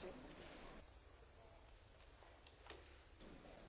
sí.